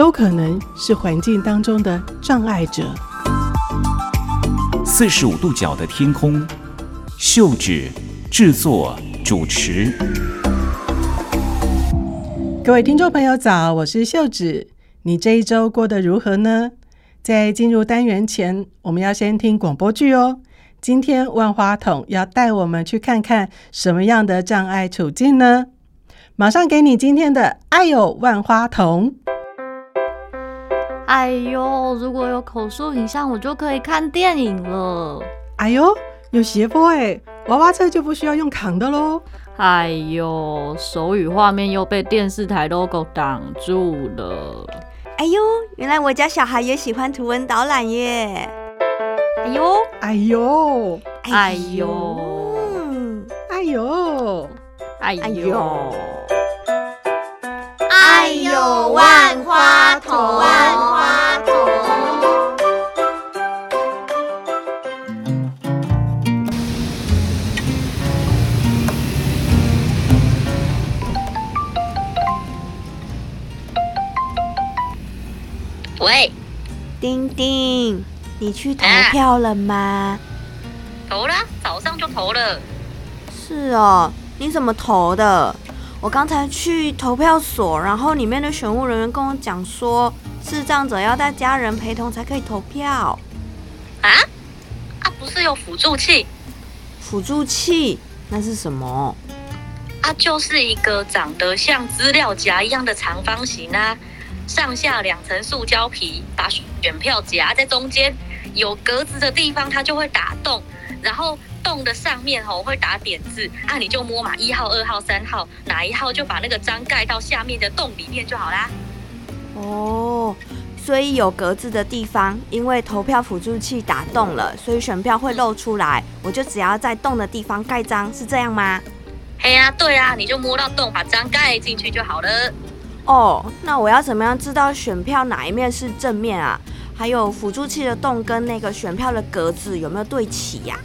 都可能是環境當中的障礙者。四十五度角的天空，秀芷製作主持。各位聽眾朋友早，我是秀芷。你這一周過得如何呢？在進入單元前，我們要先聽廣播劇哦。今天萬花筒要帶我們去看看什麼樣的障礙處境呢？馬上給你今天的《哎呦萬花筒》。哎呦，如果有口述影像，我就可以看電影了。哎呦，有斜坡哎，娃娃車就不需要用扛的嘍。哎呦，手語畫面又被電視台 logo 擋住了。哎呦，原來我家小孩也喜歡圖文導覽耶。哎呦，哎呦，哎呦，哎呦，哎哎呦，哎呦，萬花筒啊！你去投票了嗎？啊，投了，早上就投了。是哦，你怎麼投的？我剛才去投票所，然後裡面的選務人員跟我講說，智障者要帶家人陪同才可以投票。啊？啊，不是有輔助器？輔助器？那是什麼？啊，就是一個長得像資料夾一樣的長方形啊，上下兩層塑膠皮，把選票夾在中間。有格子的地方，它就會打洞，然後洞的上面吼、哦、會打點字啊，你就摸嘛，一號、二號、三號哪一號，就把那個章蓋到下面的洞裡面就好啦。哦，所以有格子的地方，因為投票輔助器打洞了，所以選票會露出來，我就只要在洞的地方蓋章，是這樣嗎？嘿呀、啊，對呀、啊，你就摸到洞，把章蓋進去就好了。哦，那我要怎麼樣知道選票哪一面是正面啊？還有輔助器的洞跟那個選票的格子有沒有對齊呀、啊？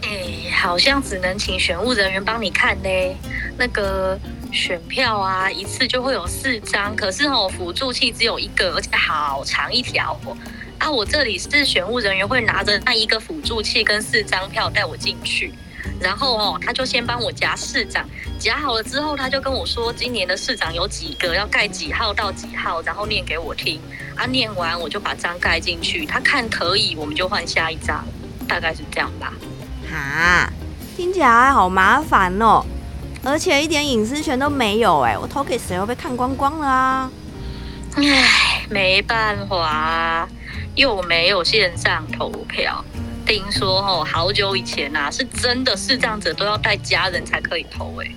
哎、欸，好像只能請選務人員幫你看嘞。那個選票啊，一次就會有四張，可是我、哦、輔助器只有一個，而且好長一條哦。啊，我這裡是選務人員會拿着那一個輔助器跟四張票帶我進去。然後哦，他就先幫我夾市長，夾好了之後，他就跟我說，今年的市長有幾個，要蓋幾號到幾號，然後念給我聽。啊，念完我就把章蓋進去，他看可以，我們就換下一張，大概是這樣吧。啊，聽起來好麻煩哦，而且一點隱私權都沒有哎，我投給誰，會被看光光了啊。唉，沒辦法，又沒有線上投票。聽說哦，好久以前啊是真的是這樣子，都要帶家人才可以投誒。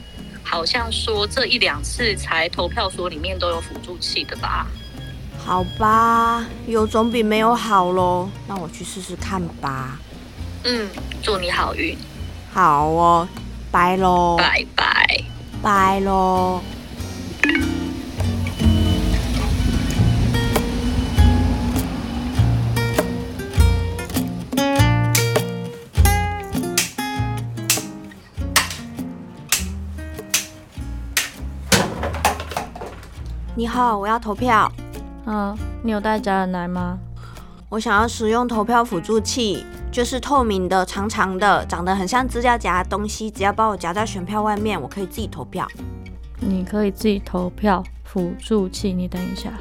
好像說這一兩次才投票所裡面都有輔助器的吧？好吧，有總比沒有好嘍。那我去試試看吧。嗯，祝你好運。好哦，拜嘍。拜拜拜嘍。你好，我要投票。嗯，你有帶家人來嗎？我想要使用投票輔助器，就是透明的、長長的、長得很像指甲夾的東西，只要幫我夾在選票外面，我可以自己投票。你可以自己投票，輔助器，你等一下。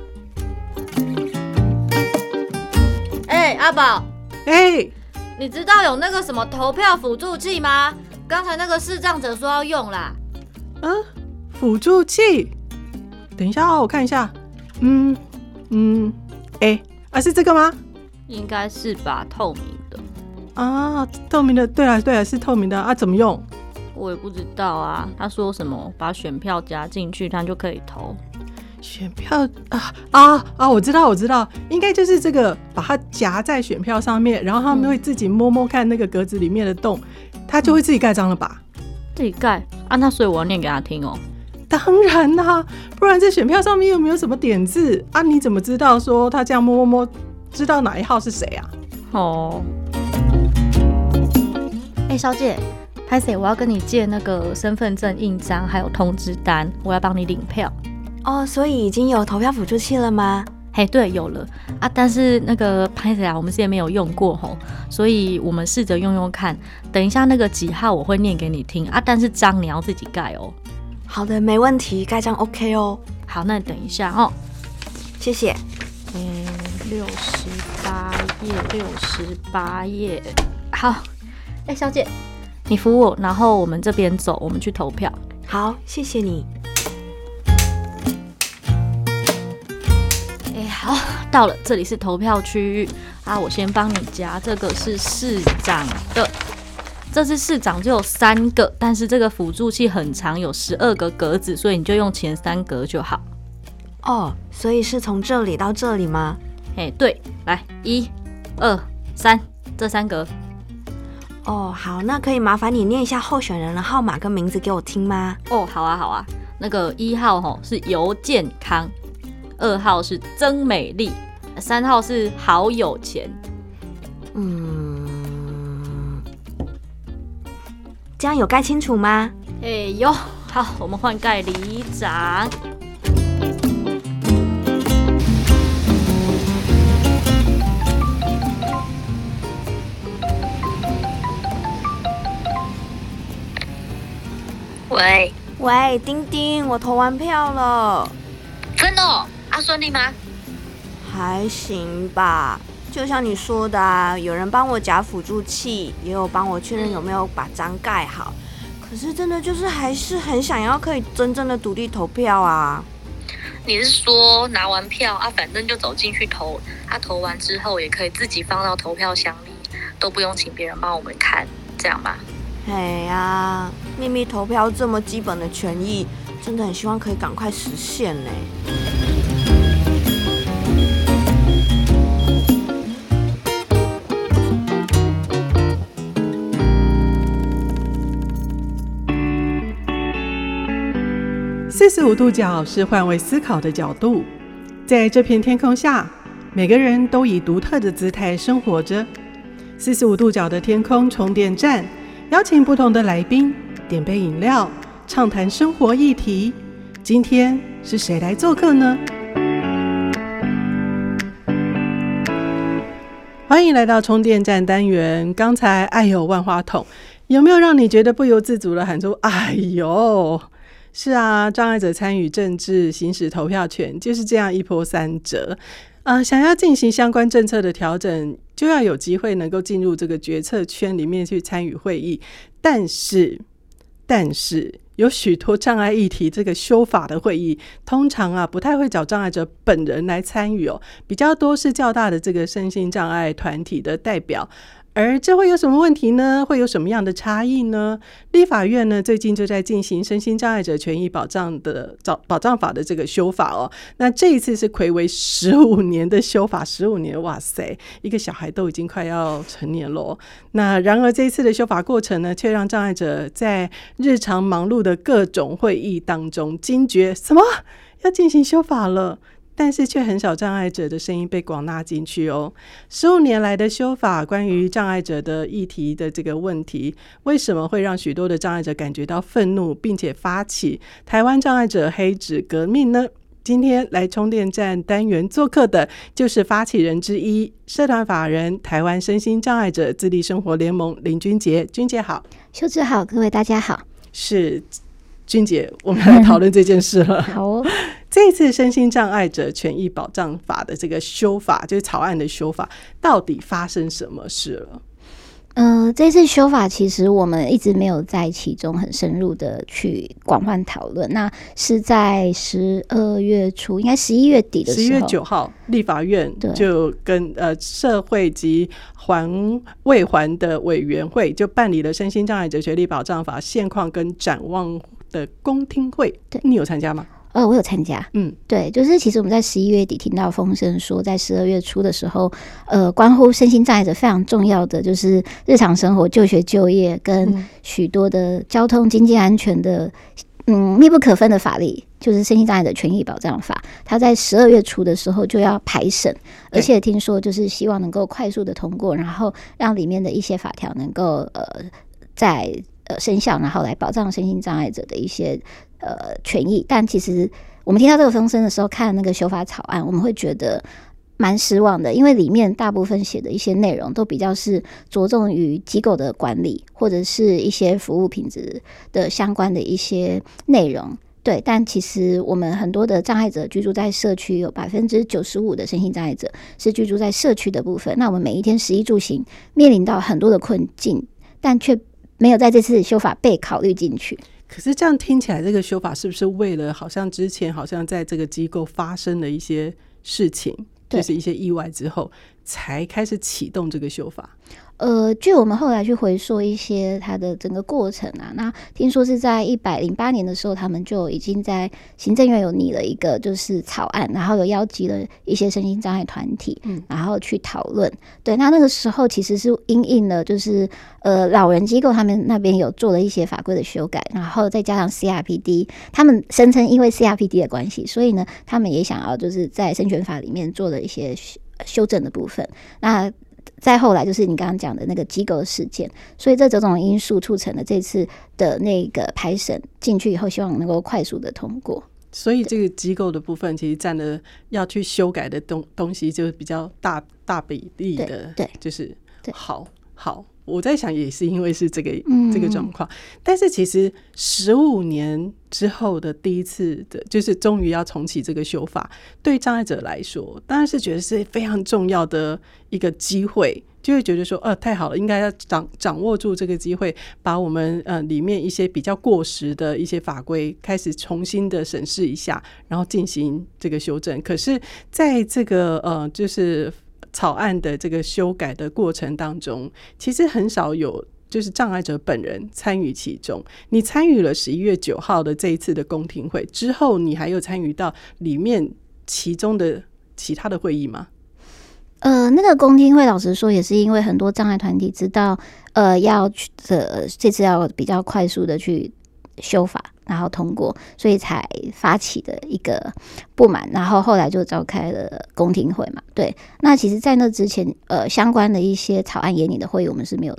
哎、欸，阿寶，哎、欸，你知道有那個什麼投票輔助器嗎？剛才那個視障者說要用啦。嗯，輔助器。等一下、哦，我看一下。嗯嗯，哎、欸、啊，是這個嗎？應該是吧，透明的。啊，透明的，對啊對啊，是透明的啊。怎麼用？我也不知道啊。他說什麼？把選票夾進去，他就可以投。選票啊啊啊！我知道，我知道，應該就是這個，把它夾在選票上面，然後他們會自己摸摸看那個格子裡面的洞，他就會自己蓋章了吧？嗯、自己蓋？啊，那所以我要念給他聽哦。當然啦、啊，不然在選票上面又沒有什麼點字啊，你怎麼知道說他這樣摸摸摸，知道哪一號是誰啊？哦，哎、欸，小姐，歹勢，我要跟你借那個身份證印章還有通知單，我要幫你領票。哦，所以已經有投票輔助器了嗎？嘿，對，有了啊，但是那個，歹勢啊，我們之前沒有用過吼，所以我們試着用用看。等一下那個幾號我會念給你聽啊，但是章你要自己蓋哦、喔。好的，沒問題，蓋章 OK 哦。好，那你等一下哦，謝謝。嗯，六十八頁，六十八頁。好，哎、欸，小姐，你扶我，然後我們這邊走，我們去投票。好，謝謝你。哎、欸，好，到了，這裡是投票區域啊，我先幫你夾，這個是市長的。這次市長只有三個，但是這個輔助器很長，有十二個格子，所以你就用前三格就好。哦，所以是從這裡到這裡嗎？哎，對，來，一、二、三，這三格。哦，好，那可以麻煩你念一下候選人的號碼跟名字給我聽嗎？哦，好啊，好啊，那個一號吼、哦、是尤健康，二號是曾美麗，三號是好有錢。嗯。這樣有蓋清楚嗎？哎呦，好，我們換蓋里長。喂喂，丁丁，我投完票了。真的、哦？阿、啊、順你嗎？還行吧。就像你說的啊，有人幫我夾輔助器，也有幫我確認有沒有把章蓋好。可是真的就是還是很想要可以真正的獨立投票啊。你是說拿完票啊，反正就走進去投，他、啊、投完之後也可以自己放到投票箱裡，都不用請別人幫我們看，這樣吧？哎呀、hey 啊，秘密投票這麼基本的權益，真的很希望可以趕快實現呢。四十五度角是換位思考的角度，在這片天空下，每個人都以獨特的姿態生活着。四十五度角的天空充電站邀請不同的來賓點杯飲料，暢談生活議題。今天是誰來做客呢？歡迎來到充電站單元。剛才“哎呦萬花筒”有沒有讓你覺得不由自主的喊出“哎呦”？是啊，障礙者參與政治、行使投票權就是這樣一波三折。呃，想要進行相關政策的調整，就要有機會能夠進入這個決策圈裡面去參與會議。但是，但是有許多障礙議題，這個修法的會議通常啊不太會找障礙者本人來參與哦，比較多是較大的這個身心障礙團體的代表。而這會有什麼問題呢？會有什麼樣的差異呢？立法院呢，最近就在進行身心障礙者權益保障的保障法的這個修法哦。那這一次是睽違十五年的修法，十五年，哇塞，一個小孩都已經快要成年了。那然而這一次的修法過程呢，卻讓障礙者在日常忙碌的各種會議當中驚覺：什麼要進行修法了？但是卻很少障礙者的聲音被廣納進去哦。十五年來的修法，關於障礙者的議題的這個問題，為什麼會讓許多的障礙者感覺到憤怒，並且發起台灣障礙者黑紙革命呢？今天來充電站單元做客的就是發起人之一、社團法人台灣身心障礙者自立生活聯盟林君潔。君潔，好，秀芷好，各位大家好，是君潔，我們來討論這件事了。 好哦這次身心障礙者權益保障法的這個修法，就是草案的修法，到底發生什麼事了？呃，這次修法其實我們一直沒有在其中很深入的去廣泛討論。那是在十二月初，應該十一月底的時候，十一月九號，對立法院就跟呃，社會及環衛環的委員會就辦理了身心障礙者權益保障法現況跟展望的公聽會，你有參加嗎？呃、哦，我有參加，嗯，對，就是其實我們在十一月底聽到風聲說，在十二月初的時候，呃，關乎身心障礙者非常重要的就是日常生活、就學、就業跟許多的交通、經濟安全的，嗯，密不可分的法律，就是身心障礙者權益保障法，它在十二月初的時候就要排審，而且聽說就是希望能夠快速的通過，然後讓裡面的一些法條能夠呃在呃生效，然後來保障身心障礙者的一些。呃，權益，但其實我們聽到這個風聲的時候，看那個修法草案，我們會覺得蠻失望的，因為裡面大部分寫的一些內容都比較是着重於機構的管理，或者是一些服務品質的相關的一些內容。對，但其實我們很多的障礙者居住在社區，有百分之九十五的身心障礙者是居住在社區的部分。那我們每一天食衣住行面臨到很多的困境，但卻沒有在這次修法被考慮進去。可是這樣聽起來，這個修法是不是為了好像之前好像在這個機構發生了一些事情，就是一些意外之後，對才開始啟動這個修法？呃，據我們後來去回溯一些它的整個過程啊，那聽說是在一百零八年的時候，他們就已經在行政院有擬了一個就是草案，然後有邀集了一些身心障礙團體，嗯、然後去討論。對，那那個時候其實是因應了，就是呃，老人機構他們那邊有做了一些法規的修改，然後再加上 CRPD，他們聲稱因為 CRPD 的關係，所以呢，他們也想要就是在身權法裡面做了一些修修正的部分。那再後來就是你剛剛講的那個機構事件，所以這種種因素促成了這次的那個排審進去以後，希望能夠快速的通過。所以這個機構的部分其實佔了要去修改的東東西就是比較大大比例的，對，對就是好好。對對我在想，也是因為是這個、嗯、這個狀況，但是其實十五年之後的第一次的，就是終於要重啟這個修法，對障礙者來說，當然是覺得是非常重要的一個機會，就會覺得說，呃、啊，太好了，應該要掌掌握住這個機會，把我們呃裡面一些比較過時的一些法規開始重新的審視一下，然後進行這個修正。可是在這個呃，就是。草案的這個修改的過程當中，其實很少有就是障礙者本人參與其中。你參與了十一月九號的這一次的公聽會之後，你還有參與到裡面其中的其他的會議嗎？呃，那個公聽會，老實說也是因為很多障礙團體知道，呃，要去呃這次要比較快速的去修法。然後通過，所以才發起的一個不滿，然後後來就召開了公聽會嘛。對，那其實，在那之前，呃，相關的一些草案研擬的會議，我們是沒有，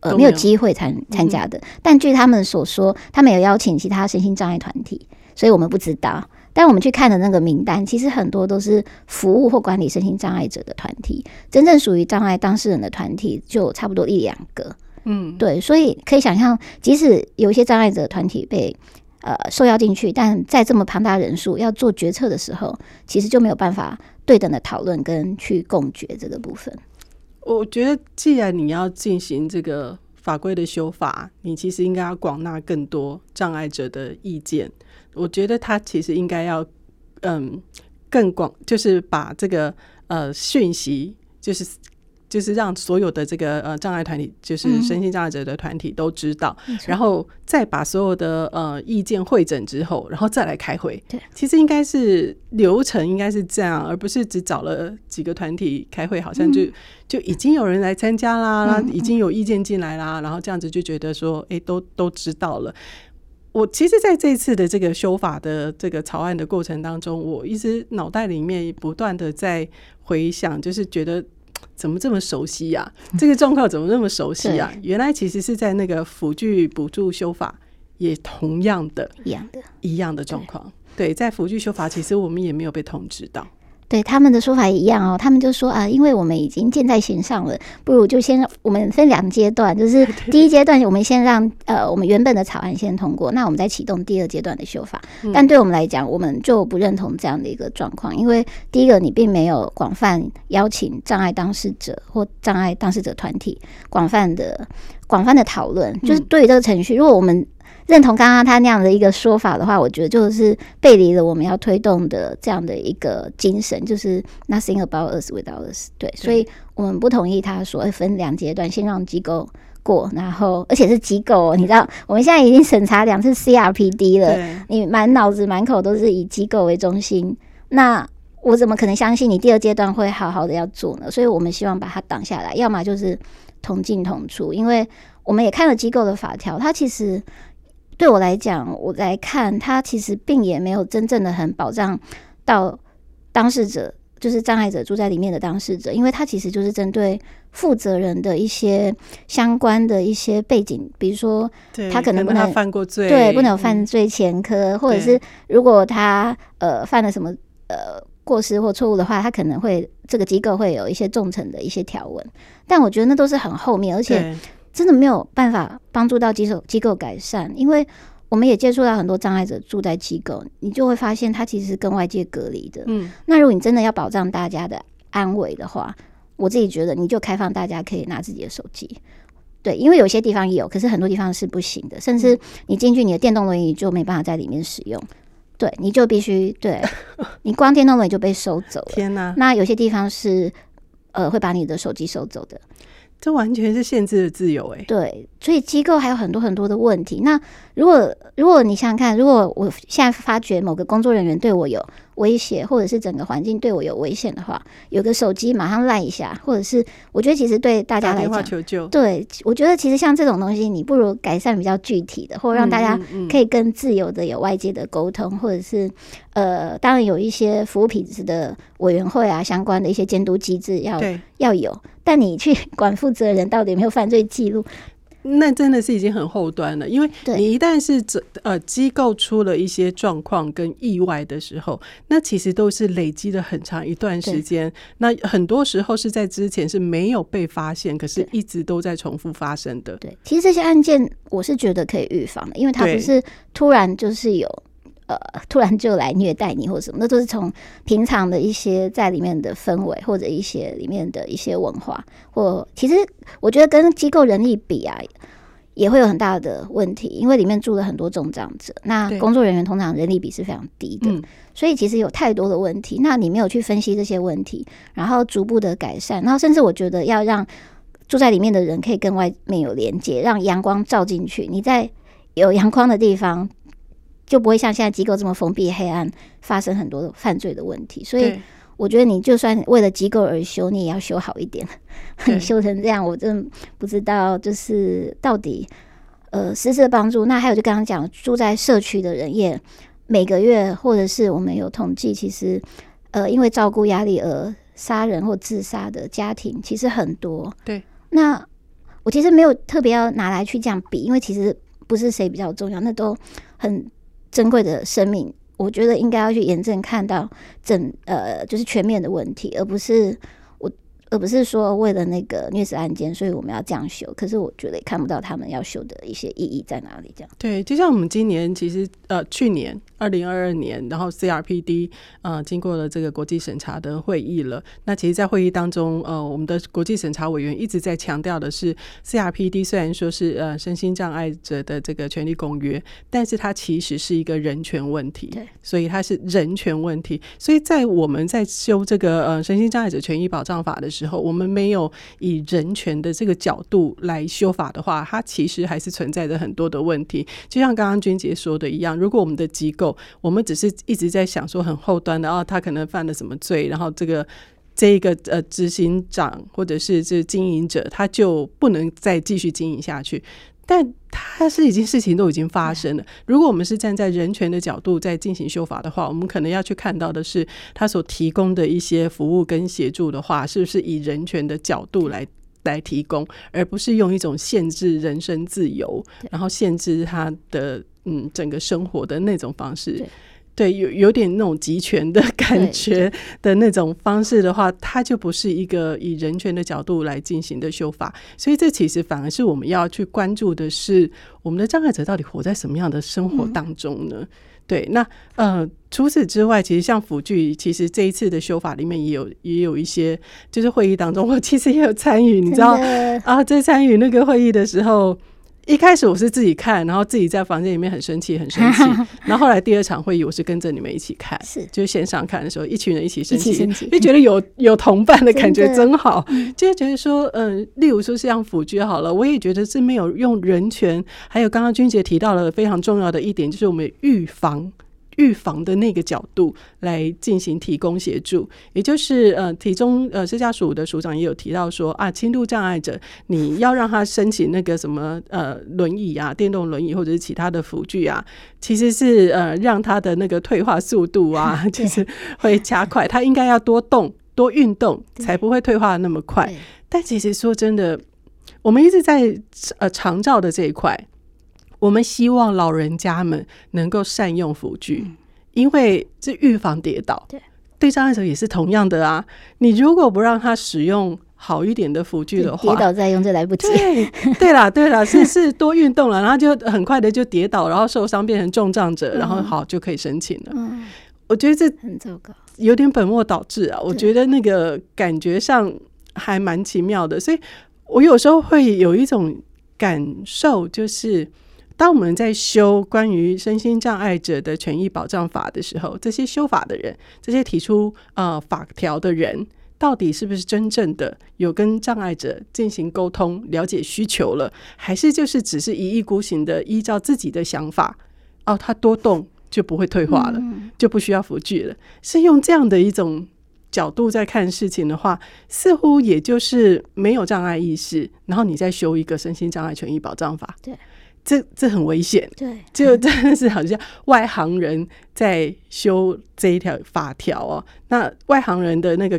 呃，沒有，沒有機會參參加的。嗯、哼但據他們所說，他們有邀請其他身心障礙團體，所以我們不知道。但我們去看的那個名單，其實很多都是服務或管理身心障礙者的團體，真正屬於障礙當事人的團體就差不多一兩個。嗯，對，所以可以想象，即使有一些障礙者的團體被呃，受邀進去，但在這麼龐大人數要做決策的時候，其實就沒有辦法對等的討論跟去共決這個部分。我覺得，既然你要進行這個法規的修法，你其實應該要廣納更多障礙者的意見。我覺得他其實應該要，嗯，更廣，就是把這個呃訊息就是。就是讓所有的這個呃障礙團體，就是身心障礙者的團體都知道，然後再把所有的呃意見彙整之後，然後再來開會。其實應該是流程應該是這樣，而不是只找了幾個團體開會，好像就就已經有人來參加啦，啦，已經有意見進來啦，然後這樣子就覺得說、欸，誒都都知道了。我其實在這次的這個修法的這個草案的過程當中，我一直腦袋裡面不斷的在回想，就是覺得。怎麼這麼熟悉呀，啊？這個狀況怎麼那麼熟悉呀，啊？ 原來其實是在那個輔具補助修法也同樣的，Yeah. 一樣的，一樣的狀況。對，在輔具修法，其實我們也沒有被通知到。對，他們的說法也一樣哦，他們就說啊，因為我們已經箭在弦上了，不如就先我們分兩階段，就是第一階段我們先讓呃我們原本的草案先通過，那我們再啟動第二階段的修法。嗯、但對我們來講，我們就不認同這樣的一個狀況，因為第一個你並沒有廣泛邀請障礙當事者或障礙當事者團體廣泛的廣泛的討論，就是對於這個程序，如果我們認同剛剛他那樣的一個說法的話，我覺得就是背離了我們要推動的這樣的一個精神，就是 nothing about us without us。對，所以我們不同意他說分兩階段，先讓機構過，然後而且是機構喔，你知道，我們現在已經審查兩次 CRPD 了，你滿腦子滿口都是以機構為中心，那我怎麼可能相信你第二階段會好好的要做呢？所以我們希望把它擋下來，要麼就是同進同出，因為我們也看了機構的法條，它其實。對我來講，我來看他其實並也沒有真正的很保障到當事者，就是障礙者住在裡面的當事者，因為他其實就是針對負責人的一些相關的一些背景，比如說他可能不能，可能他犯過罪，對，不能有犯罪前科，嗯，或者是如果他呃犯了什麼呃過失或錯誤的話，他可能會這個機構會有一些重懲的一些條文，但我覺得那都是很後面，而且。真的沒有辦法幫助到機構機構改善，因為我們也接觸到很多障礙者住在機構，你就會發現它其實是跟外界隔離的。嗯，那如果你真的要保障大家的安危的話，我自己覺得你就開放大家可以拿自己的手機，對，因為有些地方也有，可是很多地方是不行的，甚至你進去你的電動輪椅就沒辦法在裡面使用，對，你就必須對你光電動輪椅就被收走了。天哪。那有些地方是呃會把你的手機收走的。這完全是限制了自由誒、欸、對，所以機構還有很多很多的問題。那如果如果你想想看，如果我現在發覺某個工作人員對我有……威脅，或者是整個環境對我有危險的話，有個手機馬上賴一下，或者是我覺得其實對大家來講，打電話求救。對，我覺得其實像這種東西，你不如改善比較具體的，或讓大家可以更自由的有外界的溝通，嗯嗯嗯。或者是呃，當然有一些服務品質的委員會啊，相關的一些監督機制要對要有。但你去管負責人到底有沒有犯罪記錄？那真的是已經很後端了，因為你一旦是這對呃機構出了一些狀況跟意外的時候，那其實都是累積了很長一段時間，對那很多時候是在之前是沒有被發現，可是一直都在重複發生的。對，其實這些案件我是覺得可以預防的，因為它不是突然就是有。呃，突然就來虐待你或者什麼，那都是從平常的一些在裡面的氛圍或者一些裡面的一些文化，或其實我覺得跟機構人力比啊，也會有很大的問題，因為裡面住了很多重障者，那工作人員通常人力比是非常低的，對嗯、所以其實有太多的問題。那你沒有去分析這些問題，然後逐步的改善，然後甚至我覺得要讓住在裡面的人可以跟外面有連接，讓陽光照進去，你在有陽光的地方。就不會像現在機構這麼封閉、黑暗，發生很多的犯罪的問題。所以我覺得你就算為了機構而修，你也要修好一點，你修成這樣，我真的不知道就是到底呃，實施的幫助。那還有就剛剛講住在社區的人，也每個月或者是我們有統計，其實呃，因為照顧壓力而殺人或自殺的家庭其實很多。對，那我其實沒有特別要拿來去這樣比，因為其實不是誰比較重要，那都很。珍貴的生命，我覺得應該要去嚴正看到整，呃，就是全面的問題，而不是。而不是說為了那個虐死案件，所以我們要這樣修。可是我覺得也看不到他們要修的一些意義在哪裡。這樣。對，就像我們今年其實呃去年二零二二年，然後 CRPD 呃經過了這個國際審查的會議了。那其實，在會議當中，呃，我們的國際審查委員一直在強調的是，CRPD 雖然說是呃身心障礙者的這個權利公約，但是它其實是一個人權問題。對，所以它是人權問題。所以在我們在修這個呃身心障礙者權益保障法的時候。之後，我們沒有以人權的這個角度來修法的話，它其實還是存在着很多的問題。就像剛剛君潔說的一樣，如果我們的機構，我們只是一直在想說很後端的啊，他可能犯了什麼罪，然後這個這一個呃執行長或者是這經營者，他就不能再繼續經營下去。但他是已經事情都已經發生了。如果我們是站在人權的角度在進行修法的話，我們可能要去看到的是，他所提供的一些服務跟協助的話，是不是以人權的角度來來提供，而不是用一種限制人身自由，然後限制他的嗯整個生活的那種方式。對，有有點那種集權的感覺的那種方式的話，它就不是一個以人權的角度來進行的修法，所以這其實反而是我們要去關注的是，我們的障礙者到底活在什麼樣的生活當中呢？嗯、對，那呃，除此之外，其實像輔具，其實這一次的修法裡面也有也有一些，就是會議當中，我其實也有參與，嗯、你知道啊，在參與那個會議的時候。一開始我是自己看，然後自己在房間裡面很生氣，很生氣。 然後後來第二場會議，我是跟着你們一起看，是就線上看的時候，一群人一起生氣，就覺得有有同伴的感覺真好。真的就是覺得說，嗯，例如說像輔具好了，我也覺得是沒有用人權。還有剛剛君潔提到了非常重要的一點，就是我們預防。預防的那個角度來進行提供協助，也就是呃，其中呃，社家署的署長也有提到說啊，輕度障礙者，你要讓他申請那個什麼呃，輪椅啊，電動輪椅或者是其他的輔具啊，其實是呃，讓他的那個退化速度啊，就是會加快。 對 他應該要多動多運動，才不會退化的那麼快。對 但其實說真的，我們一直在呃長照的這一塊。我們希望老人家們能夠善用輔具，嗯、因為這預防跌倒。對，對，障礙者也是同樣的啊。你如果不讓他使用好一點的輔具的話，跌倒再用就來不及。對， 對對啦，對啦，是是，多運動了， 然後就很快的就跌倒，然後受傷變成重障者，嗯、然後好就可以申請了。嗯，我覺得這很糟糕，有點本末倒置啊。對我覺得那個感覺上還蠻奇妙的，所以我有時候會有一種感受，就是。當我們在修關於身心障礙者的權益保障法的時候，這些修法的人，這些提出呃法條的人，到底是不是真正的有跟障礙者進行溝通、了解需求了，還是就是只是一意孤行的依照自己的想法？哦，他多動就不會退化了，就不需要輔具了，嗯、是用這樣的一種角度在看事情的話，似乎也就是沒有障礙意識，然後你再修一個身心障礙權益保障法，對。這這很危險，對，嗯、就真的是好像外行人在修這一條法條哦。那外行人的那個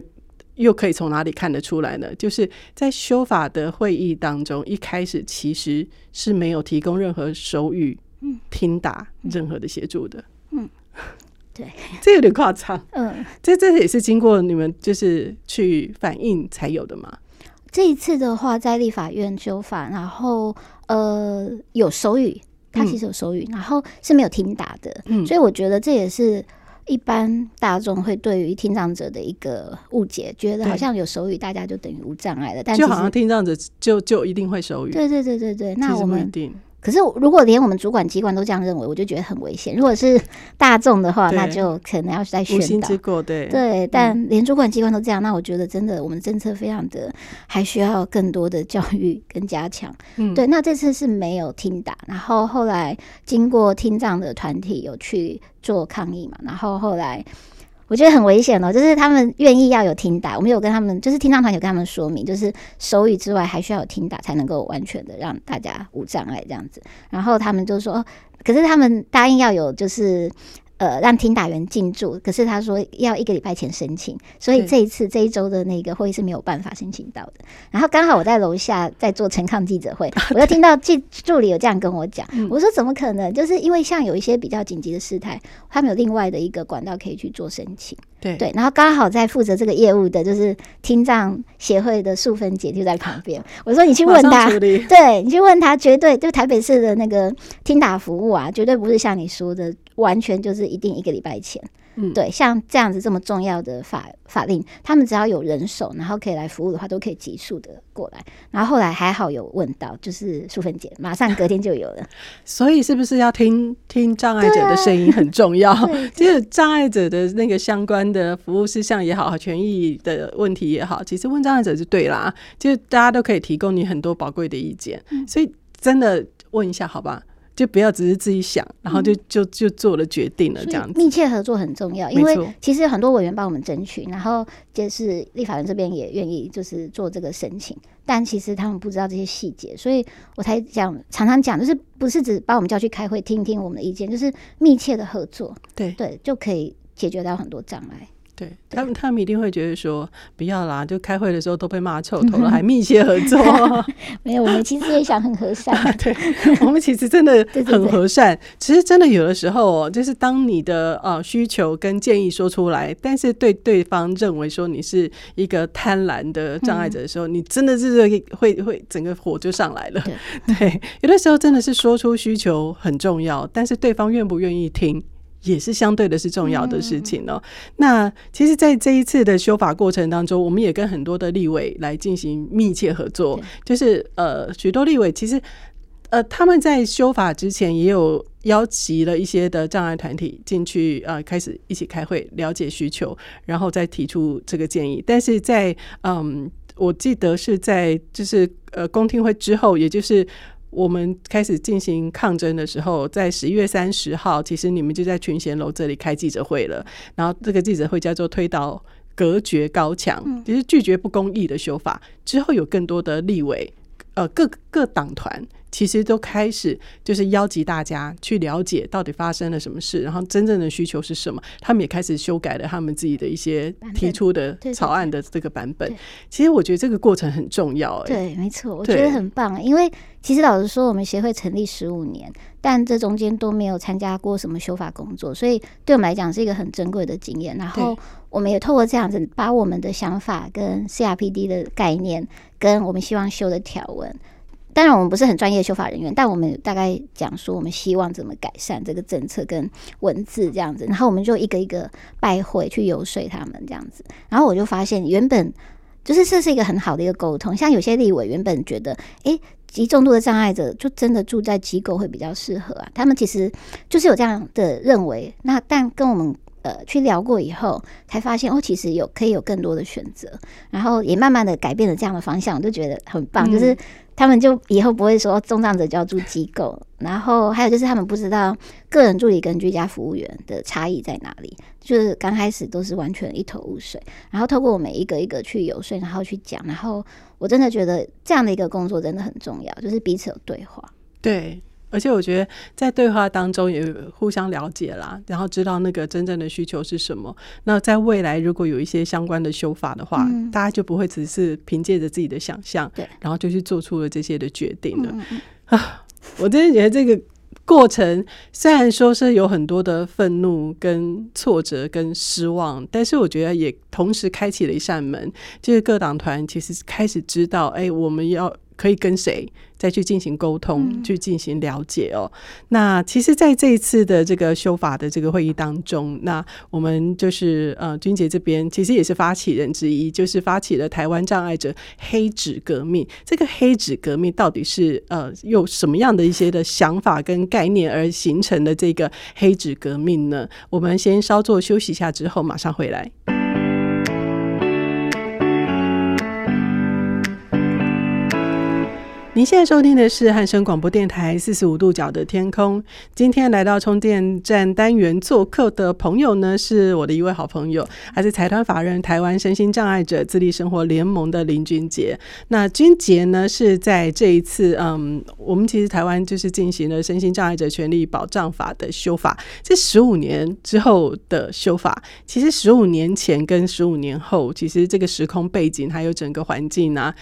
又可以從哪裡看得出來呢？就是在修法的會議當中，一開始其實是沒有提供任何手語嗯聽打任何的協助的，嗯，嗯，對， 這有點誇張，嗯，這這也是經過你們就是去反映才有的嘛。這一次的話，在立法院修法，然後。呃，有手語，他其實有手語，嗯、然後是沒有聽打的，嗯、所以我覺得這也是一般大眾會對於聽障者的一個誤解，覺得好像有手語，大家就等於無障礙了，但是就好像聽障者就就一定會手語，對對對對對，那我們。可是，如果連我們主管機關都這樣認為，我就覺得很危險。如果是大眾的話，對那就可能要再宣導。對對，對嗯、但連主管機關都這樣，那我覺得真的，我們政策非常的還需要更多的教育跟加強。嗯、對。那這次是沒有聽打，然後後來經過聽障的團體有去做抗議嘛，然後後來。我覺得很危險哦，就是他們願意要有聽打，我們有跟他們，就是聽障團有跟他們說明就是手語之外還需要有聽打才能夠完全的讓大家無障礙這樣子，然後他們就說，可是他們答應要有就是。呃，讓聽打員進駐，可是他說要一個禮拜前申請，所以這一次對這一周的那個會議是沒有辦法申請到的。然後剛好我在樓下在做陳抗記者會， 對我就聽到記助理有這樣跟我講，嗯、我說怎麼可能？就是因為像有一些比較緊急的事態，他們有另外的一個管道可以去做申請。對對，然後剛好在負責這個業務的就是聽障協會的素芬姐就在旁邊，啊、我說你去問他，對你去問他，絕對就台北市的那個聽打服務啊，絕對不是像你說的。完全就是一定一個禮拜前，嗯、對，像這樣子這麼重要的法法令，他們只要有人手，然後可以來服務的話，都可以急速的過來。然後後來還好有問到，就是淑芬姐，馬上隔天就有了。所以是不是要聽聽障礙者的聲音很重要？就是、啊、障礙者的那個相關的服務事項也好，權益的問題也好，其實問障礙者就對啦。就大家都可以提供你很多寶貴的意見，嗯、所以真的問一下好吧。就不要只是自己想，然後就就就做了決定了這樣子。嗯、密切合作很重要，因為其實很多委員幫我們爭取，沒錯。然後就是立法院這邊也願意就是做這個申請，但其實他們不知道這些細節，所以我才講常常講，就是不是只把我們叫去開會聽聽我們的意見，就是密切的合作，對對就可以解決到很多障礙。他們他們一定會覺得說，不要啦，就開會的時候都被罵臭頭了，還密切合作。嗯、哼 沒有，我們其實也想很和善、 啊。對，我們其實真的很和善。其實真的有的時候哦，就是當你的呃、啊、需求跟建議說出來，但是對對方認為說，你是一個貪婪的障礙者的時候，嗯、你真的是會會整個火就上來了。對，對，有的時候真的是說出需求很重要，但是對方願不願意聽？也是相對的是重要的事情哦。嗯、那其實，在這一次的修法過程當中，我們也跟很多的立委來進行密切合作。就是呃，許多立委其實呃，他們在修法之前也有邀集了一些的障礙團體進去呃，開始一起開會，了解需求，然後再提出這個建議。但是在嗯、呃，我記得是在就是呃，公聽會之後，也就是。我們開始進行抗爭的時候，在十一月三十號，其實你們就在群賢樓這裡開記者會了。然後這個記者會叫做“推倒隔絕高牆”，其實拒絕不公義的修法。之後有更多的立委，呃，各各黨團。其實都開始就是邀集大家去了解到底發生了什麼事，然後真正的需求是什麼。他們也開始修改了他們自己的一些提出的草案的這個版本。版本，對對對，其實我覺得這個過程很重要欸。對，沒錯，我覺得很棒欸。對因為其實老實說，我們協會成立十五年，但這中間都沒有參加過什麼修法工作，所以對我們來講是一個很珍貴的經驗。然後我們也透過這樣子，把我們的想法跟 CRPD 的概念，跟我們希望修的條文。當然，我們不是很專業的修法人員，但我們大概講說，我們希望怎麼改善這個政策跟文字這樣子，然後我們就一個一個拜會去游說他們這樣子，然後我就發現，原本就是這是一個很好的一個溝通，像有些立委原本覺得，誒，極重度的障礙者就真的住在機構會比較適合啊，他們其實就是有這樣的認為，那但跟我們。呃，去聊過以後，才發現哦，其實有可以有更多的選擇，然後也慢慢的改變了這樣的方向，我就覺得很棒。嗯、就是他們就以後不會說重障者就要住機構，然後還有就是他們不知道個人助理跟居家服務員的差異在哪裡，就是剛開始都是完全一頭霧水。然後透過我每一個一個去游說，然後去講，然後我真的覺得這樣的一個工作真的很重要，就是彼此有對話。對。而且我覺得在對話當中也互相了解啦，然後知道那個真正的需求是什麼。那在未來如果有一些相關的修法的話，嗯、大家就不會只是憑借着自己的想象，對，然後就去做出了這些的決定了。嗯、啊，我真的覺得這個過程雖然說是有很多的憤怒、跟挫折、跟失望，但是我覺得也同時開啟了一扇門，就是各黨團其實開始知道，哎、欸，我們要。可以跟誰再去進行溝通，嗯、去進行了解哦、喔。那其實在這一次的這個修法的這個會議當中，那我們就是呃，君潔這邊其實也是發起人之一，就是發起了台灣障礙者黑紙革命。這個黑紙革命到底是呃，用什麼樣的一些的想法跟概念而形成的這個黑紙革命呢？我們先稍作休息一下，之後馬上回來。您現在收聽的是漢聲廣播電臺四十五度角的天空。今天來到充電站單元做客的朋友呢，是我的一位好朋友，還是財團法人台灣身心障礙者自立生活聯盟的林君潔。那君潔呢，是在這一次，嗯，我們其實台灣就是進行了身心障礙者權益保障法的修法，這十五年之後的修法，其實十五年前跟十五年後，其實這個時空背景還有整個環境呢、啊。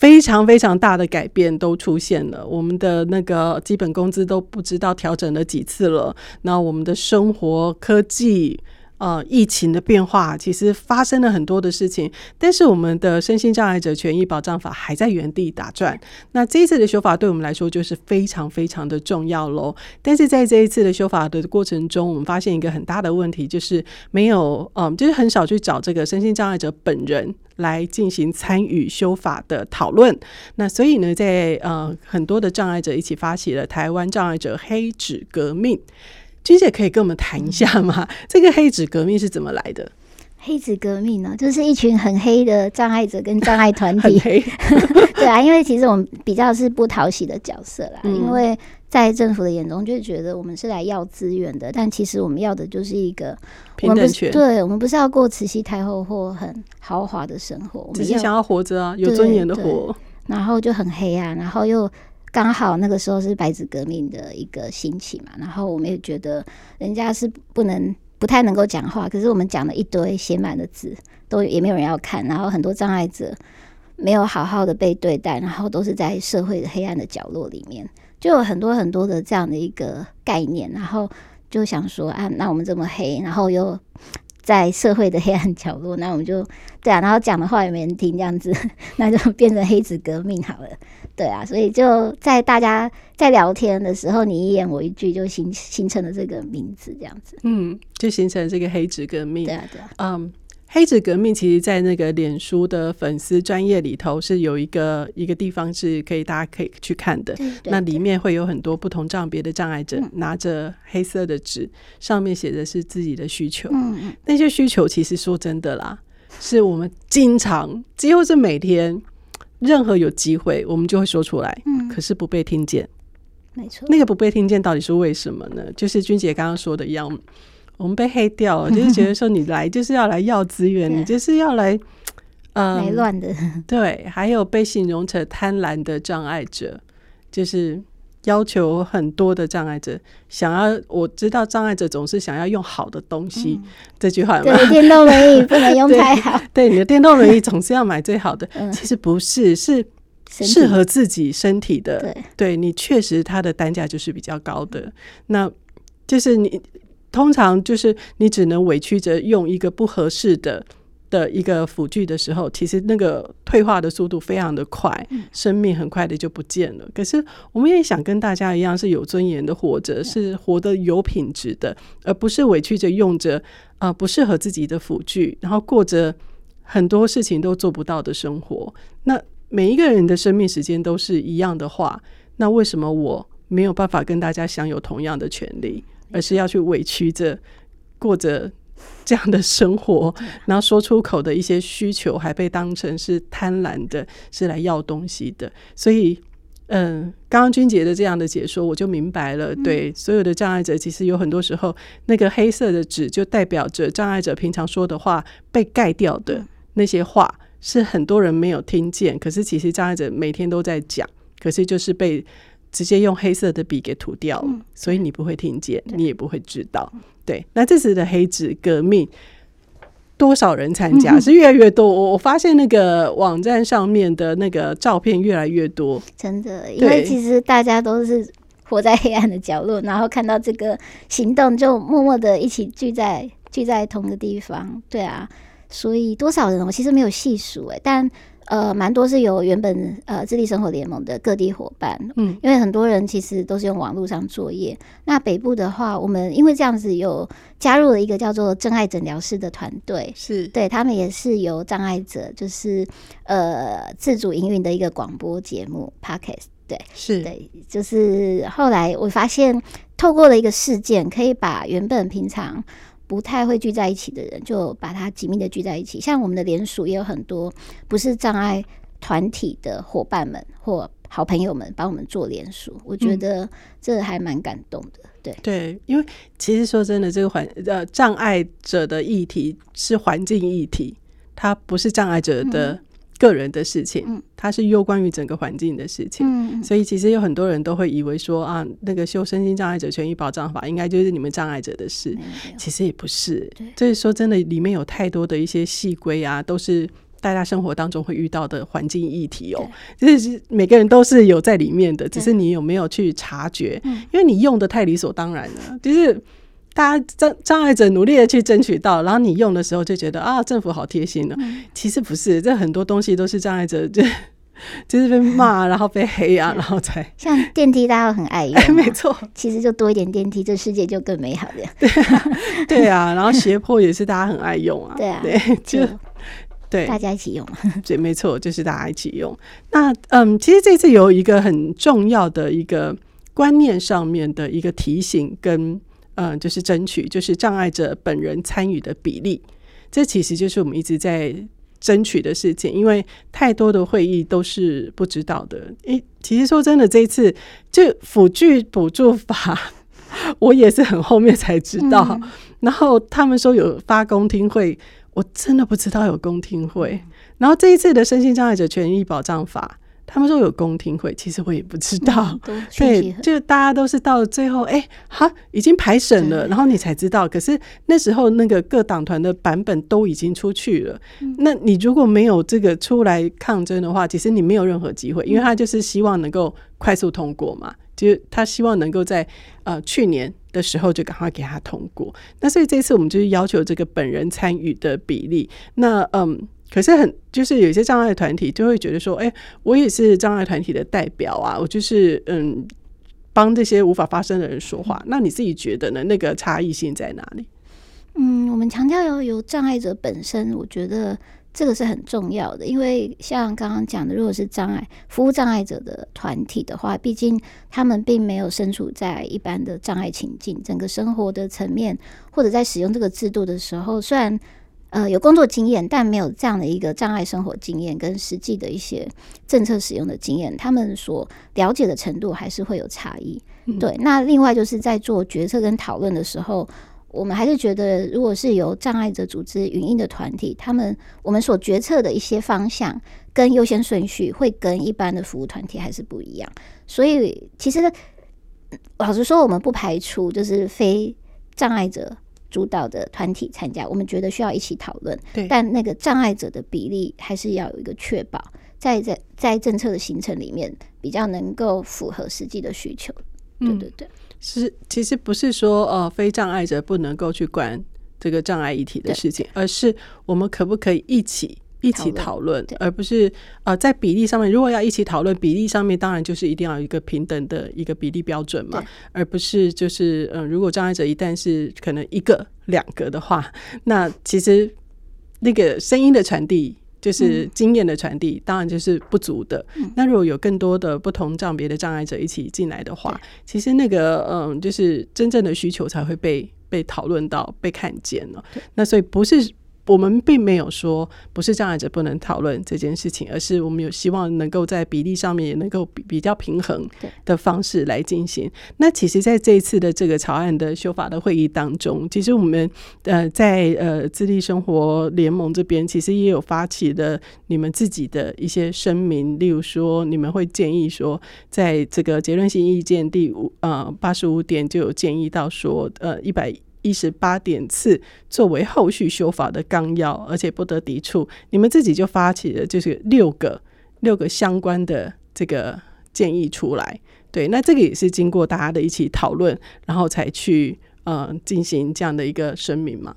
非常非常大的改變都出現了，我們的那個基本工資都不知道調整了幾次了，那我們的生活科技。呃，疫情的變化其實發生了很多的事情，但是我們的身心障礙者權益保障法還在原地打轉。那這一次的修法對我們來說就是非常非常的重要嘍。但是在這一次的修法的過程中，我們發現一個很大的問題，就是沒有嗯、呃，就是很少去找這個身心障礙者本人來進行參與修法的討論。那所以呢，在呃很多的障礙者一起發起了台灣障礙者黑紙革命。君姐可以跟我們談一下嗎？這個黑紙革命是怎麼來的？黑紙革命呢、啊，就是一群很黑的障礙者跟障礙團體， 很黑 。 對啊，因為其實我們比較是不討喜的角色啦，嗯、因為在政府的眼中就覺得我們是來要資源的，但其實我們要的就是一個平等權。對，我們不是要過慈禧太后或很豪華的生活，只是想要活着啊，對有尊嚴的活。然後就很黑啊，然後又。剛好那個時候是白紙革命的一個興起嘛，然後我們也覺得人家是不能不太能夠講話，可是我們講了一堆寫滿的字，都也沒有人要看，然後很多障礙者沒有好好的被對待，然後都是在社會的黑暗的角落裡面，就有很多很多的這樣的一個概念，然後就想說啊，那我們這麼黑，然後又。在社會的黑暗角落，那我們就對啊，然後講的話也沒人聽，這樣子，那就變成黑紙革命好了，對啊，所以就在大家在聊天的時候，你一言我一句就形形成了這個名字，這樣子，嗯，就形成了這個黑紙革命，對啊，對啊，嗯。Um, 黑紙革命，其實在那個臉書的粉絲專頁裡頭是有一個一個地方是可以大家可以去看的。對對對，那裡面會有很多不同障別的障礙者、嗯、拿着黑色的紙，上面寫的是自己的需求。嗯、那些需求其實說真的啦，是我們經常，幾乎是每天，任何有機會我們就會說出來，嗯、可是不被聽見。沒錯，那個不被聽見到底是為什麼呢？就是君潔剛剛說的一樣。我們被黑掉了，就是覺得說你來 就是要來要資源，對你就是要來呃，來亂的。對，還有被形容成貪婪的障礙者，就是要求很多的障礙者想要。我知道障礙者總是想要用好的東西，嗯、這句話嗎？對，電動輪椅不能用太好 對。對，你的電動輪椅總是要買最好的， 嗯、其實不是，是適合自己身體的。體對，對你確實，它的單價就是比較高的。對那就是你。通常就是你只能委屈着用一個不合適的的一個輔具的時候，其實那個退化的速度非常的快，生命很快的就不見了。可是我們也想跟大家一樣是有尊嚴的活着，是活得有品質的，而不是委屈着用着啊、呃、不適合自己的輔具，然後過着很多事情都做不到的生活。那每一個人的生命時間都是一樣的話，那為什麼我沒有辦法跟大家享有同樣的權利？而是要去委屈着過着這樣的生活，然後說出口的一些需求，還被當成是貪婪的，是來要東西的。所以，嗯，剛剛君潔的這樣的解說，我就明白了。對、嗯、所有的障礙者，其實有很多時候，那個黑色的紙就代表着障礙者平常說的話被蓋掉的那些話，是很多人沒有聽見。可是，其實障礙者每天都在講，可是就是被。直接用黑色的筆給塗掉，嗯、所以你不會聽見，嗯、你也不會知道。對,對，那這次的黑紙革命，多少人參加、嗯、是越來越多。我我發現那個網站上面的那個照片越來越多，真的，因為其實大家都是活在黑暗的角落，然後看到這個行動，就默默的一起聚在聚在同一個地方。對啊，所以多少人我其實沒有細數哎，但。呃，蠻多是由原本呃自立生活聯盟的各地夥伴，嗯，因為很多人其實都是用網絡上作業。那北部的話，我們因為這樣子有加入了一個叫做真愛診療師的團隊，是對他們也是由障礙者，就是呃自主營運的一個廣播節目 podcast 對，是對，就是後來我發現透過了一個事件，可以把原本平常。不太會聚在一起的人，就把它緊密的聚在一起。像我們的聯署，也有很多不是障礙團體的伙伴們或好朋友們幫我們做聯署，嗯、我覺得這還蠻感動的。對對，因為其實說真的，這個環呃障礙者的議題是環境議題，它不是障礙者的。嗯個人的事情，它是攸關於整個環境的事情，嗯、所以其實有很多人都會以為說啊，那個修身心障礙者權益保障法應該就是你們障礙者的事，有其實也不是。對就是說真的，裡面有太多的一些細規啊，都是大家生活當中會遇到的環境議題哦、喔，對就是每個人都是有在裡面的，對只是你有沒有去察覺，嗯、因為你用得太理所當然了、啊，就是。大家障障礙者努力的去爭取到，然後你用的時候就覺得啊，政府好貼心了、啊。嗯、其實不是，這很多東西都是障礙者就就是被罵，然後被黑啊，嗯、然後才像電梯，大家都很愛用、啊欸，沒錯，其實就多一點電梯，這世界就更美好了。對啊， 對啊，然後斜坡也是大家很愛用啊， 對啊，就對，就對大家一起用、啊，對，沒錯，就是大家一起用。 那嗯，其實這次有一個很重要的一個觀念上面的一個提醒跟。嗯，就是爭取，就是障礙者本人參與的比例，這其實就是我們一直在爭取的事情。因為太多的會議都是不知道的。誒、欸，其實說真的，這一次就輔具補助法，我也是很後面才知道。嗯、然後他們說有發公聽會，我真的不知道有公聽會。然後這一次的身心障礙者權益保障法。他們說有公聽會，其實我也不知道。對，就是大家都是到最後，哎、欸，好，已經排審了，然後你才知道。可是那時候那個各黨團的版本都已經出去了，那你如果沒有這個出來抗爭的話，其實你沒有任何機會，因為他就是希望能夠快速通過嘛，就是他希望能夠在呃去年的時候就趕快給他通過。那所以這次我們就是要求這個本人參與的比例。那嗯。可是很，就是有些障礙團體就會覺得說，哎、欸，我也是障礙團體的代表啊，我就是嗯，幫這些無法發聲的人說話、嗯。那你自己覺得呢？那個差異性在哪裡？嗯，我們強調要有障礙者本身，我覺得這個是很重要的，因為像剛剛講的，如果是障礙服務障礙者的團體的話，畢竟他們並沒有身處在一般的障礙情境，整個生活的層面，或者在使用這個制度的時候，雖然。呃，有工作經驗，但沒有這樣的一個障礙生活經驗跟實際的一些政策使用的經驗，他們所了解的程度還是會有差異。嗯、哼對，那另外就是在做決策跟討論的時候，我們還是覺得，如果是由障礙者組織、運營的團體，他們我們所決策的一些方向跟優先順序，會跟一般的服務團體還是不一樣。所以，其實老實說，我們不排除就是非障礙者。主導的團體參加，我們覺得需要一起討論。對，但那個障礙者的比例還是要有一個確保，在在在政策的形成裡面比較能夠符合實際的需求。嗯、對對對，是其實不是說哦、呃，非障礙者不能夠去管這個障礙議題的事情，對而是我們可不可以一起？一起討論，討論而不是呃，在比例上面，如果要一起討論比例上面，當然就是一定要有一個平等的一個比例標準嘛，對而不是就是嗯，如果障礙者一旦是可能一個兩個的話，那其實那個聲音的傳遞，就是經驗的傳遞，嗯、當然就是不足的。嗯、那如果有更多的不同障別的障礙者一起進來的話，對其實那個嗯，就是真正的需求才會被被討論到被看見了、哦。對那所以不是。我們並沒有說不是障礙者不能討論這件事情，而是我們有希望能夠在比例上面也能夠比比較平衡的方式來進行。對那其實在這一次的這個草案的修法的會議當中，其實我們呃在呃自立生活聯盟這邊其實也有發起了你們自己的一些聲明，例如說你們會建議說，在這個結論性意見第五呃八十五點就有建議到說呃一百。一十八點次作為後續修法的綱要，而且不得抵觸。你們自己就發起了，就是六個六個相關的這個建議出來。對，那這個也是經過大家的一起討論，然後才去嗯進、呃、行這樣的一個聲明嘛。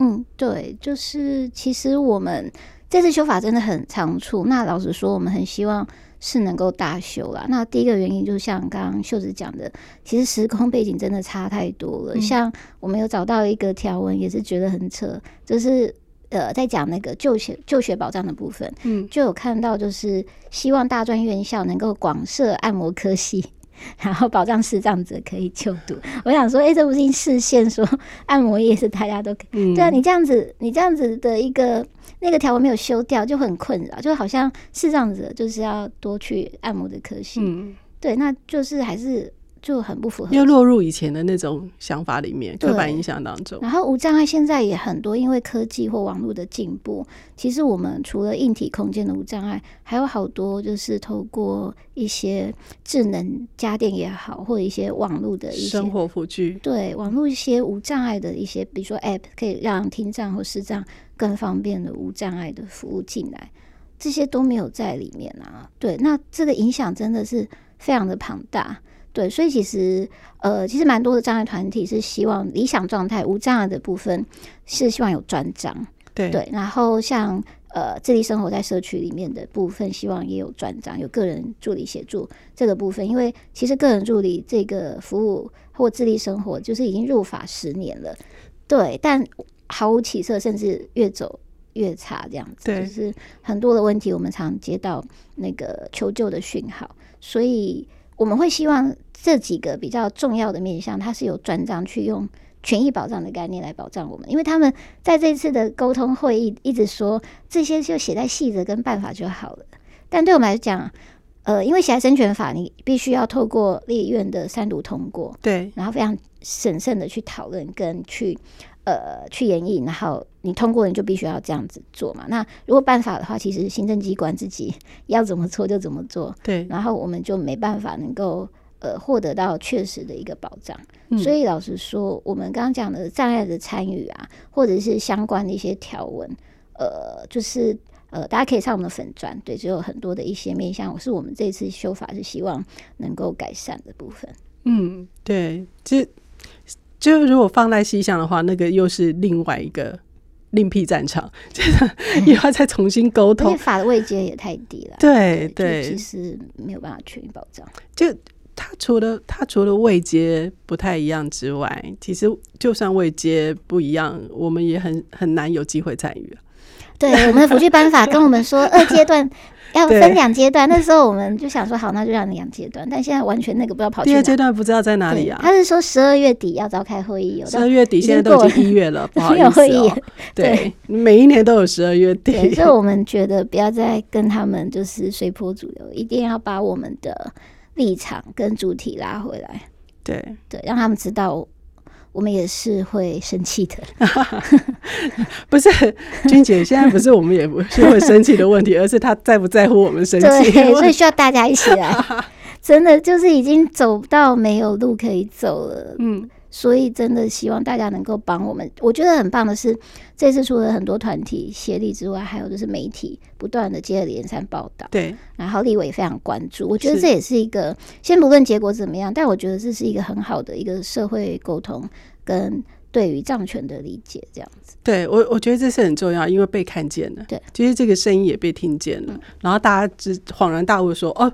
嗯，對，就是其實我們這次修法真的很倉促。那老實說，我們很希望。是能夠大修啦。那第一個原因，就像剛剛秀芷講的，其實時空背景真的差太多了。嗯、像我們有找到一個條文，也是覺得很扯，就是呃，在講那個就學就學保障的部分，就有看到就是希望大專院校能夠廣設按摩科系。然後保障視障者可以就讀。我想說，哎、欸，這不是一視線說按摩也是大家都可以？嗯、對啊，你這樣子，你這樣子的一個那個條文沒有修掉就很困擾，就好像視障者，就是要多去按摩的科系。嗯、對，那就是還是。就很不符合，又落入以前的那種想法裡面，刻對板印象當中。然後無障礙現在也很多，因為科技或網絡的進步，其實我們除了硬體空間的無障礙，還有好多就是透過一些智能家電也好，或一些網絡的一些生活輔具，對，網絡一些無障礙的一些，比如說 App 可以讓聽障或視障更方便的無障礙的服務進來，這些都沒有在裡面啊。對，那這個影響真的是非常的龐大。對，所以其實呃，其實蠻多的障礙團體是希望理想狀態無障礙的部分，是希望有專章。對，對，然後像呃，自立生活在社區裡面的部分，希望也有專章，有個人助理協助這個部分，因為其實個人助理這個服務或自立生活就是已經入法十年了，對，但毫無起色，甚至越走越差這樣子，對就是很多的問題，我們常接到那個求救的訊號，所以。我們會希望這幾個比較重要的面向，它是有專章去用權益保障的概念來保障我們，因為他們在這次的溝通會議一直說，這些就寫在細則跟辦法就好了。但對我們來講，呃，因為寫在《身權法》，你必須要透過立院的三讀通過，對，然後非常審慎的去討論跟去。呃，去演繹，然後你通過，你就必須要這樣子做嘛。那如果辦法的話，其實行政機關自己要怎麼做就怎麼做。對，然後我們就沒辦法能夠呃獲得到確實的一個保障。嗯。所以老實說，我們剛剛講的障礙的參與啊，或者是相關的一些條文，呃，就是呃，大家可以上我們的粉專，對，就有很多的一些面向，是我們這次修法是希望能夠改善的部分。嗯，對，這。就如果放在西向的話，那個又是另外一個另闢戰場，就要、嗯、 再重新溝通。法的位階也太低了、啊，對對，對對，其實沒有辦法確定保障。就他除了他除了位階不太一樣之外，其實就算位階不一樣，我們也很很難有機會參與。對， 我們的輔具辦法跟我們說 二階段。要分兩階段，對那時候我們就想說好，那就讓你兩階段。對但現在完全那個不知道跑去第二階段不知道在哪裡啊。他是說十二月底要召開會議，哦，十二月底現在都已經一月了，沒有會議。對，對每一年都有十二月底對。所以我們覺得不要再跟他們就是隨波逐流，一定要把我們的立場跟主體拉回來。對對，讓他們知道我。我們也是會生氣的， 不是君姐。現在不是我們也不不會生氣的問題， 而是他在不在乎我們生氣。對，所以需要大家一起來。 真的，就是已經走到沒有路可以走了。嗯。所以，真的希望大家能夠幫我們。我覺得很棒的是，這次除了很多團體協力之外，還有就是媒體不斷的接二連三報道。對，然後立委非常關注。我覺得這也是一個，是先不論結果怎麼樣，但我覺得這是一個很好的一個社會溝通跟對於障權的理解，這樣子。對，我我覺得這是很重要，因為被看見了。對，其實這個聲音也被聽見了，嗯、然後大家只恍然大悟說：“哦，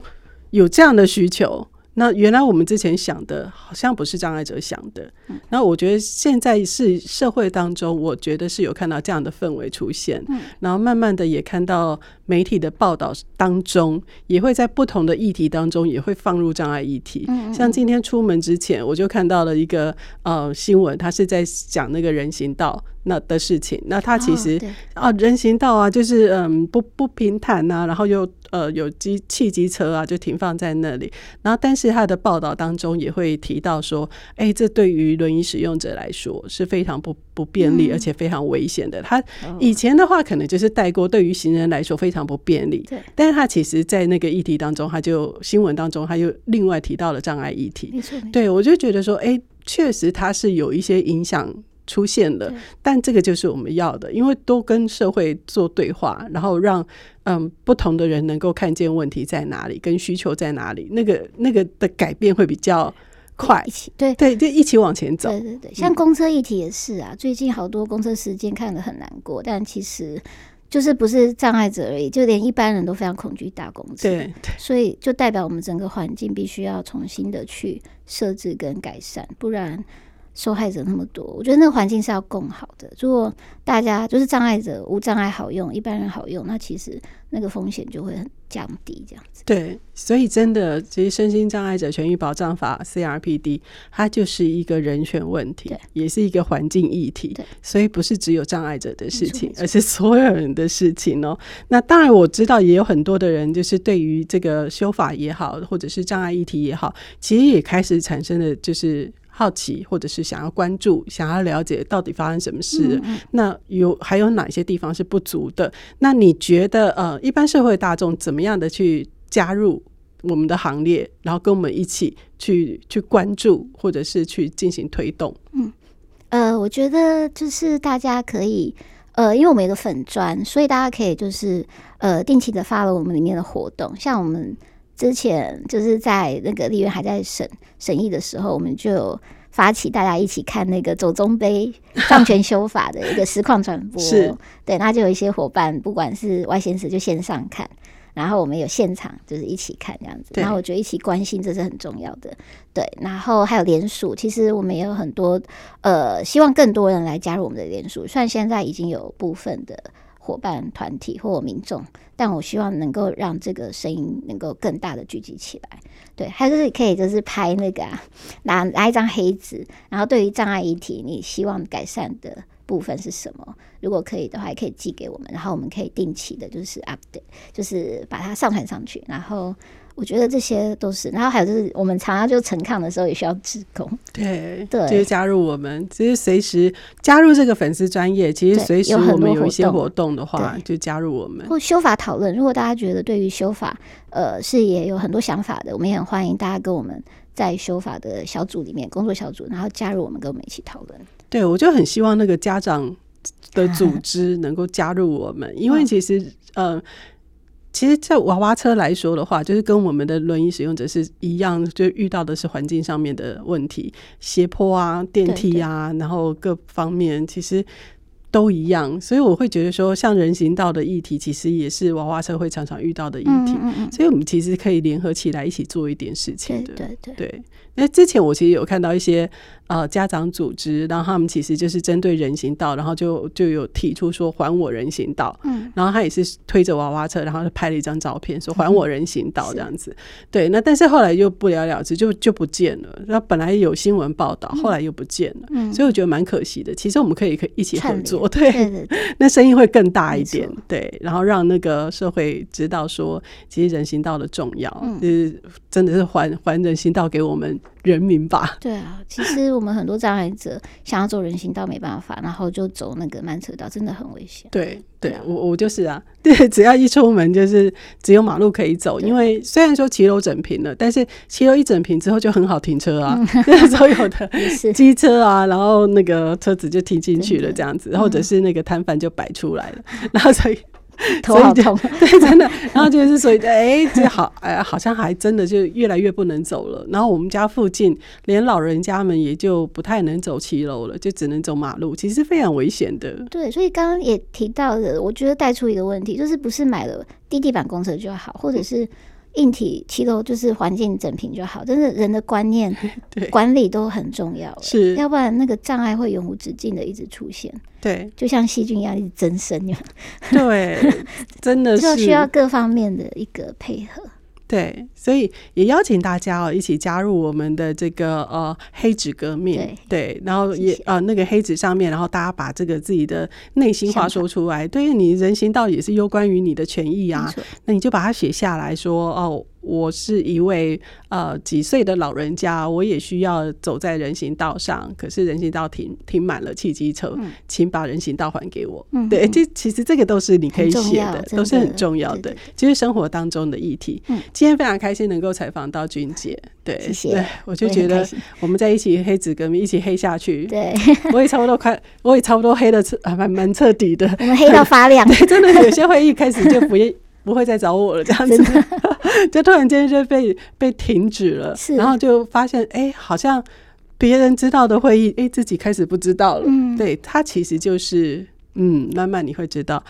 有這樣的需求。”那原來我們之前想的，好像不是障礙者想的。嗯、那我覺得現在是社會當中，我覺得是有看到這樣的氛圍出現，嗯、然後慢慢的也看到。媒體的報道當中，也會在不同的議題當中也會放入障礙議題。像今天出門之前，我就看到了一個呃新聞，他是在講那個人行道那的事情。那他其實啊，人行道啊，就是嗯、呃、不不平坦吶、啊，然後又呃有機汽機車啊就停放在那裡。然後但是他的報道當中也會提到說，哎，這對於輪椅使用者來說是非常不不便利，而且非常危險的。他以前的話，可能就是帶過，對於行人來說非常不便利。對，但是他其實，在那個議題當中，他就新聞當中，他又另外提到了障礙議題。對我就覺得說，誒，確實他是有一些影響出現的，但這個就是我們要的，因為都跟社會做對話，然後讓嗯不同的人能夠看見問題在哪裡，跟需求在哪裡，那個那個的改變會比較。快一,一起對對，就對一起往前走。對對對，像公車議題也是啊，嗯、最近好多公車事件看得很難過，但其實就是不是障礙者而已，就連一般人都非常恐懼大公車。對對，對所以就代表我們整個環境必須要重新的去設置跟改善，不然受害者那麼多，我覺得那個環境是要更好的。如果大家就是障礙者無障礙好用，一般人好用，那其實那個風險就會很。降低這樣子，對，所以真的，其實身心障礙者權益保障法 （CRPD） 它就是一個人權問題，對也是一個環境議題，對所以不是只有障礙者的事情，沒錯沒錯，而是所有人的事情哦。那當然，我知道也有很多的人，就是對於這個修法也好，或者是障礙議題也好，其實也開始產生了就是。好奇，或者是想要關注、想要了解到底發生什麼事，嗯嗯，那有還有哪些地方是不足的？那你覺得呃，一般社會大眾怎麼樣的去加入我們的行列，然後跟我們一起去去關注，或者是去進行推動？嗯，呃，我覺得就是大家可以，呃，因為我們有個粉專，所以大家可以就是呃，定期的 follow 我們裡面的活動，像我們，之前就是在那個立院還在審審議的時候，我們就發起大家一起看那個走宗碑放權修法的一個實況轉播。 是。對，那就有一些夥伴，不管是外縣市就線上看，然後我們有現場就是一起看這樣子。對然後我覺得一起關心，這是很重要的。對。然後還有聯署，其實我們也有很多呃，希望更多人來加入我們的聯署。雖然現在已經有部分的。夥伴團體或民眾，但我希望能夠讓這個聲音能夠更大的聚集起來。對，還是可以就是拍那個啊，拿拿一張黑紙，然後對於障礙議題，你希望改善的部分是什麼？如果可以的話，也可以寄給我們，然後我們可以定期的，就是 update，就是把它上傳上去，然後。我覺得這些都是，然後還有就是，我們常常就陳抗的時候也需要職工，對，對，就是加入我們，就是隨時加入這個粉絲專頁，其實隨時我們有一些活動的話動就加入我們。或修法討論，如果大家覺得對於修法，呃，是也有很多想法的，我們也很歡迎大家跟我們在修法的小組裡面工作小組，然後加入我們跟我們一起討論。對，我就很希望那個家長的組織能夠加入我們，嗯、因為其實嗯。呃其實，在娃娃車來說的話，就是跟我們的輪椅使用者是一樣，就遇到的是環境上面的問題，斜坡啊、電梯啊，對對然後各方面，其實。都一樣，所以我會覺得說，像人行道的議題，其實也是娃娃車會常常遇到的議題。嗯嗯。所以，我們其實可以聯合起來一起做一點事情的。對對對。對。那之前我其實有看到一些呃家長組織，然後他們其實就是針對人行道，然後就就有提出說還我人行道。嗯。然後他也是推着娃娃車，然後就拍了一張照片，說還我人行道這樣子。嗯。對。那但是後來就不了了之，就就不見了。那本來有新聞報道，後來又不見了。嗯。嗯，所以我覺得蠻可惜的。其實我們可以可以一起合作。哦，對，那聲音會更大一點，對，然後讓那個社會知道說，其實人行道的重要，嗯、就是，真的是還還人行道給我們。人民吧，對啊，其實我們很多障礙者想要走人行道沒辦法，然後就走那個慢車道，真的很危險。對，對、啊、我我就是啊，對，只要一出門就是只有馬路可以走，對因為雖然說騎樓整平了，但是騎樓一整平之後就很好停車啊，所、嗯、有的機 是車啊，然後那個車子就停進去了，這樣子，對對對，或者是那個攤販就擺出來了，嗯、然後所以。 頭好痛，對，真的。然後就是所以哎，這、 欸、好、欸，好像還真的就越來越不能走了。然後我們家附近連老人家們也就不太能走騎樓了，就只能走馬路，其實是非常危險的。對，所以剛剛也提到的，我覺得帶出一個問題，就是不是買了低地、地板公車就好，或者是、嗯。硬體、其實就是環境整平就好，但是人的觀念、管理都很重要，是，要不然那個障礙會永無止境的一直出現。對，就像細菌一樣一直增生呀。對， 真的是就需要各方面的一個配合。對，所以也邀請大家哦，一起加入我們的這個呃黑紙革命，對，然後也呃那個黑紙上面，然後大家把這個自己的內心話說出來，對於你人行道也是攸關於你的權益啊，那你就把它寫下來說哦。我是一位呃幾歲的老人家，我也需要走在人行道上，可是人行道停停滿了汽機車，嗯、請把人行道還給我。嗯、對，這其實這個都是你可以寫的，的都是很重要的，對對對，就是生活當中的議題。嗯、今天非常開心能夠採訪到君姐，對，謝謝。我就覺得我們在一起黑紙革命，一起黑下去。對，我也差不多快， 我也差不多黑的徹蠻蠻徹底的，我們黑到發亮。 對，真的有些會一開始就不願。 不會再找我了，這樣子，的 就突然間就被被停止了。是然後就發現，哎、欸，好像別人知道的會議，哎、欸，自己開始不知道了。嗯，對他其實就是，嗯，慢慢你會知道，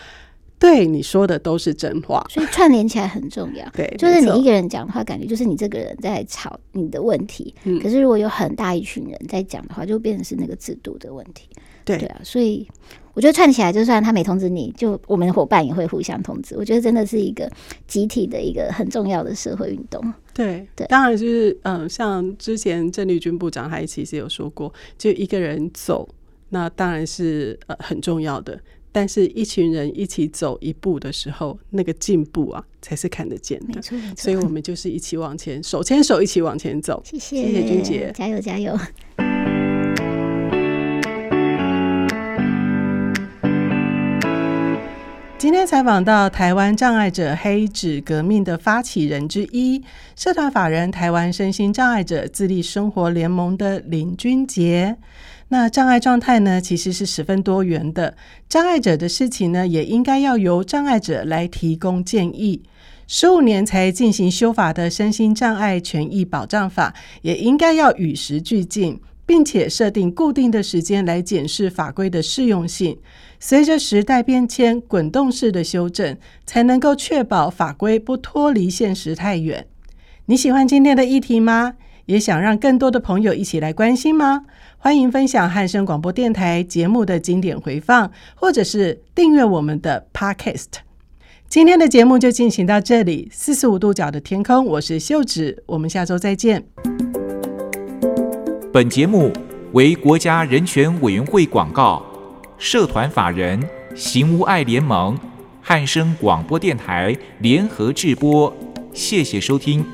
對你說的都是真話。所以串聯起來很重要。對，就是你一個人講的話，錯感覺就是你這個人在吵你的問題。嗯，可是如果有很大一群人在講的話，就變成是那個制度的問題。對對啊，所以。我覺得串起來，就算他沒通知你，就我們的夥伴也會互相通知。我覺得真的是一個集體的一個很重要的社會運動。對對，對當然就是嗯、呃，像之前鄭麗君部長他其實有說過，就一個人走，那當然是，呃、很重要的，但是一群人一起走一步的時候，那個進步啊才是看得見的。沒錯，所以我們就是一起往前，手牽手一起往前走。謝謝謝謝君姐加，加油加油。今天採訪到台灣障礙者黑紙革命的發起人之一，社團法人台灣身心障礙者自立生活聯盟的林君潔。那障礙狀態呢，其實是十分多元的。障礙者的事情呢，也應該要由障礙者來提供建議。十五年才進行修法的身心障礙權益保障法，也應該要與時俱進，並且設定固定的時間來檢視法規的適用性，隨着時代變遷，滾動式的修正才能夠確保法規不脫離現實太遠。你喜歡今天的議題嗎？也想讓更多的朋友一起來關心嗎？歡迎分享漢聲廣播電臺節目的經典回放，或者是訂閱我們的 Podcast。今天的節目就進行到這裡。45度角的天空，我是秀芷，我們下周再見。本節目為國家人權委員會廣告、社團法人行無礙聯盟、漢聲廣播電臺聯合製播，謝謝收聽。